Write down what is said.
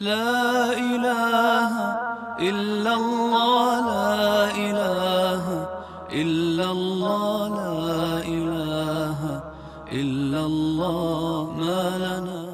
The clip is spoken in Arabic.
لا إله إلا الله إلا الله لا إله إلا الله ما لنا